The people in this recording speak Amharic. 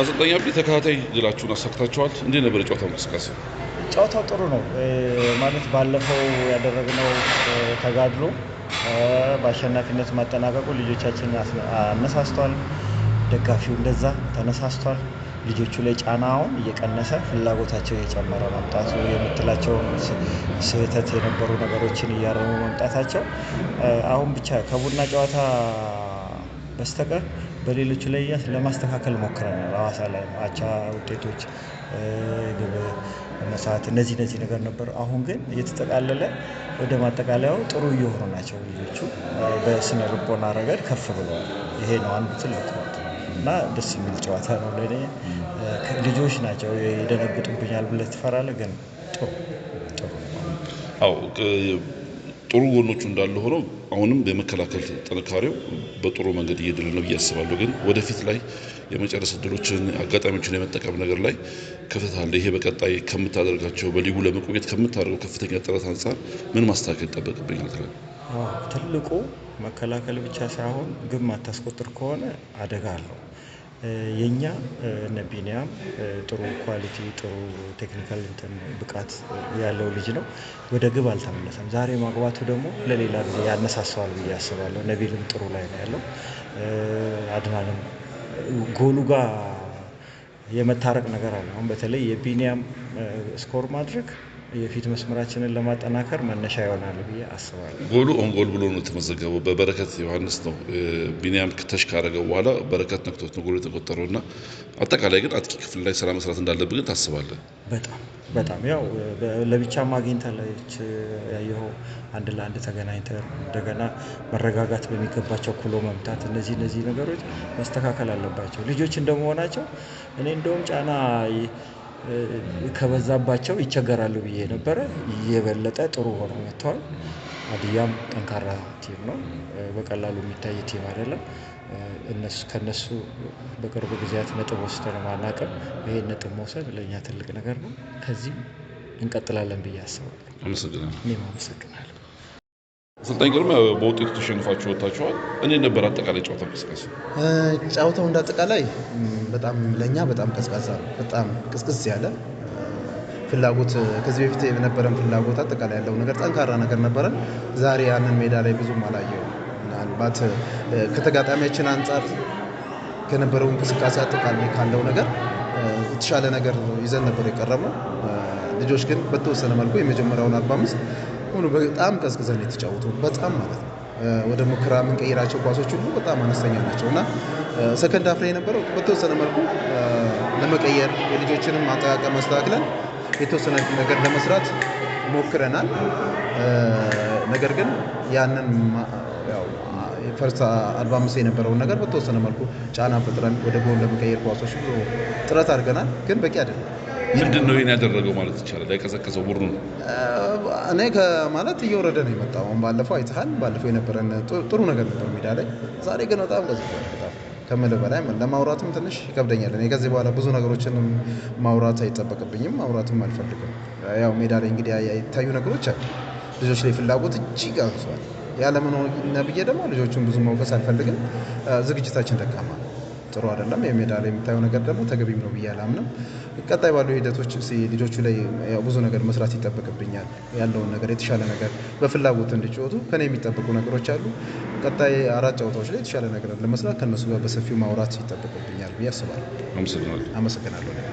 አሰልጣኝ አብዲ ተከታታይ ድላችሁን አሳክታችኋል። እንዴት ነበር ጨዋታው እንቅስቃሴ? ጨዋታው ጥሩ ነው ማለት ባለፈው ያደረግነው ተጋድሎ በአሸናፊነት ማጠናቀቁ ልጆቻችን አነሳስቷል። ደጋፊው እንደዛ ተነሳስቷል። ልጆቹ ላይ ጫናውን እየቀነሰ ፍላጎታቸው እየጨመረ መምጣቱ የምትላቸውን ስህተት የነበሩ ነገሮችን እያረሙ መምጣታቸው አሁን ብቻ ከቡና ጨዋታ በስተቀር በሌሎች ላይ ለማስተካከል ሞክረናል። ሐዋሳ ላይ አቻ ውጤቶች፣ ግብ መሳት፣ እነዚህ እነዚህ ነገር ነበር። አሁን ግን እየተጠቃለለ ወደ ማጠቃለያው ጥሩ እየሆኑ ናቸው ልጆቹ። በስነ ልቦና ረገድ ከፍ ብለዋል። ይሄ ነው አንዱ ትልቅ እና ደስ የሚል ጨዋታ ነው። ለእኔ ልጆች ናቸው ይደነግጡብኛል ብለህ ትፈራለህ፣ ግን ጥሩ ጥሩ ጥሩ ጎኖቹ እንዳለ ሆነው አሁንም በመከላከል ጥንካሬው በጥሩ መንገድ እየሄደ ነው ብዬ አስባለሁ። ግን ወደፊት ላይ የመጨረስ እድሎችን አጋጣሚዎችን የመጠቀም ነገር ላይ ክፍተት አለ። ይሄ በቀጣይ ከምታደርጋቸው በሊጉ ለመቆየት ከምታደርገው ከፍተኛ ጥረት አንጻር ምን ማስተካከል ይጠበቅብኛል ትላለህ? ትልቁ መከላከል ብቻ ሳይሆን ግብ ማታስቆጥር ከሆነ አደጋ አለው። የኛ እነ ቢኒያም ጥሩ ኳሊቲ ጥሩ ቴክኒካል ብቃት ያለው ልጅ ነው። ወደ ግብ አልተመለሰም። ዛሬ ማግባቱ ደግሞ ለሌላ ጊዜ ያነሳሰዋል ብዬ አስባለሁ። ነቢልም ጥሩ ላይ ነው ያለው። አድናንም ጎሉ ጋር የመታረቅ ነገር አለ። አሁን በተለይ የቢኒያም ስኮር ማድረግ የፊት መስመራችንን ለማጠናከር መነሻ ይሆናል ብዬ አስባለሁ። ጎሉ ኦንጎል ብሎ ነው የተመዘገበው። በበረከት ዮሐንስ ነው ቢኒያም ክተሽ ካረገው በኋላ በረከት ነክቶት ነው ጎሉ የተቆጠረው እና አጠቃላይ ግን አጥቂ ክፍል ላይ ስራ መስራት እንዳለብህ ግን ታስባለህ? በጣም በጣም ያው ለብቻ ማግኘት ያየኸው አንድ ለአንድ ተገናኝተ እንደገና መረጋጋት በሚገባቸው ኩሎ መምታት፣ እነዚህ እነዚህ ነገሮች መስተካከል አለባቸው። ልጆች እንደመሆናቸው እኔ እንደውም ጫና ከበዛባቸው ይቸገራሉ ብዬ ነበረ። የበለጠ ጥሩ ሆኖ መጥተዋል። ሀዲያም ጠንካራ ቲም ነው፣ በቀላሉ የሚታይ ቲም አይደለም። ከእነሱ በቅርብ ጊዜያት ነጥብ ወስደን ማናቀም፣ ይሄን ነጥብ መውሰድ ለእኛ ትልቅ ነገር ነው። ከዚህም እንቀጥላለን ብዬ አስባለሁ። አመሰግናለሁ። አመሰግናለሁ። አሰልጣኝ ግርማ በውጤቱ ተሸንፋችሁ ወጥታችኋል። እኔ ነበር አጠቃላይ ጨዋታ እንቅስቃሴ ጨዋታው እንዳጠቃላይ በጣም ለእኛ በጣም ቀዝቃዛ ነው። በጣም ቅዝቅዝ ያለ ፍላጎት ከዚህ በፊት የነበረን ፍላጎት አጠቃላይ ያለው ነገር ጠንካራ ነገር ነበረን። ዛሬ ያንን ሜዳ ላይ ብዙም አላየው። ምናልባት ከተጋጣሚያችን አንጻር ከነበረው እንቅስቃሴ አጠቃላይ ካለው ነገር የተሻለ ነገር ይዘን ነበር የቀረበው። ልጆች ግን በተወሰነ መልኩ የመጀመሪያውን አርባ አምስት ሙሉ በጣም ቀዝቅዘን የተጫወቱ በጣም ማለት ነው ወደ ሙከራ የምንቀይራቸው ኳሶች ሁሉ በጣም አነስተኛ ናቸው እና ሰከንድ ሀፍ ላይ የነበረው በተወሰነ መልኩ ለመቀየር የልጆችንም አጠቃቀም አስተካክለን የተወሰነ ነገር ለመስራት ሞክረናል። ነገር ግን ያንን ፈርስ አርባ አምስት የነበረውን ነገር በተወሰነ መልኩ ጫና ፈጥረን ወደ ጎን ለመቀየር ኳሶች ሁሉ ጥረት አድርገናል፣ ግን በቂ አይደለም። ምንድን ነው ይህን ያደረገው ማለት ይቻላል? ያቀዘቀዘው ቡድኑ እኔ ማለት እየወረደ ነው የመጣው። አሁን ባለፈው አይተሃል፣ ባለፈው የነበረን ጥሩ ነገር ነበር ሜዳ ላይ። ዛሬ ግን በጣም በጣም ከምልህ በላይ ለማውራትም ትንሽ ይከብደኛል። እኔ ከዚህ በኋላ ብዙ ነገሮችን ማውራት አይጠበቅብኝም፣ ማውራትም አልፈልግም። ያው ሜዳ ላይ እንግዲህ የታዩ ነገሮች አሉ። ልጆች ላይ ፍላጎት እጅግ አንሷል። ያለምን ነብዬ ደግሞ ልጆቹን ብዙ መውቀስ አልፈልግም። ዝግጅታችን ደካማ ነው። ጥሩ አይደለም። የሜዳ ላይ የምታየው ነገር ደግሞ ተገቢም ነው ብዬ አላምንም። ቀጣይ ባሉ ሂደቶች ልጆቹ ላይ ብዙ ነገር መስራት ይጠበቅብኛል። ያለውን ነገር የተሻለ ነገር በፍላጎት እንዲጫወቱ ከኔ የሚጠበቁ ነገሮች አሉ። ቀጣይ አራት ጨዋታዎች ላይ የተሻለ ነገር ለመስራት ከነሱ ጋር በሰፊው ማውራት ይጠበቅብኛል ብዬ አስባለሁ። አመሰግናለሁ።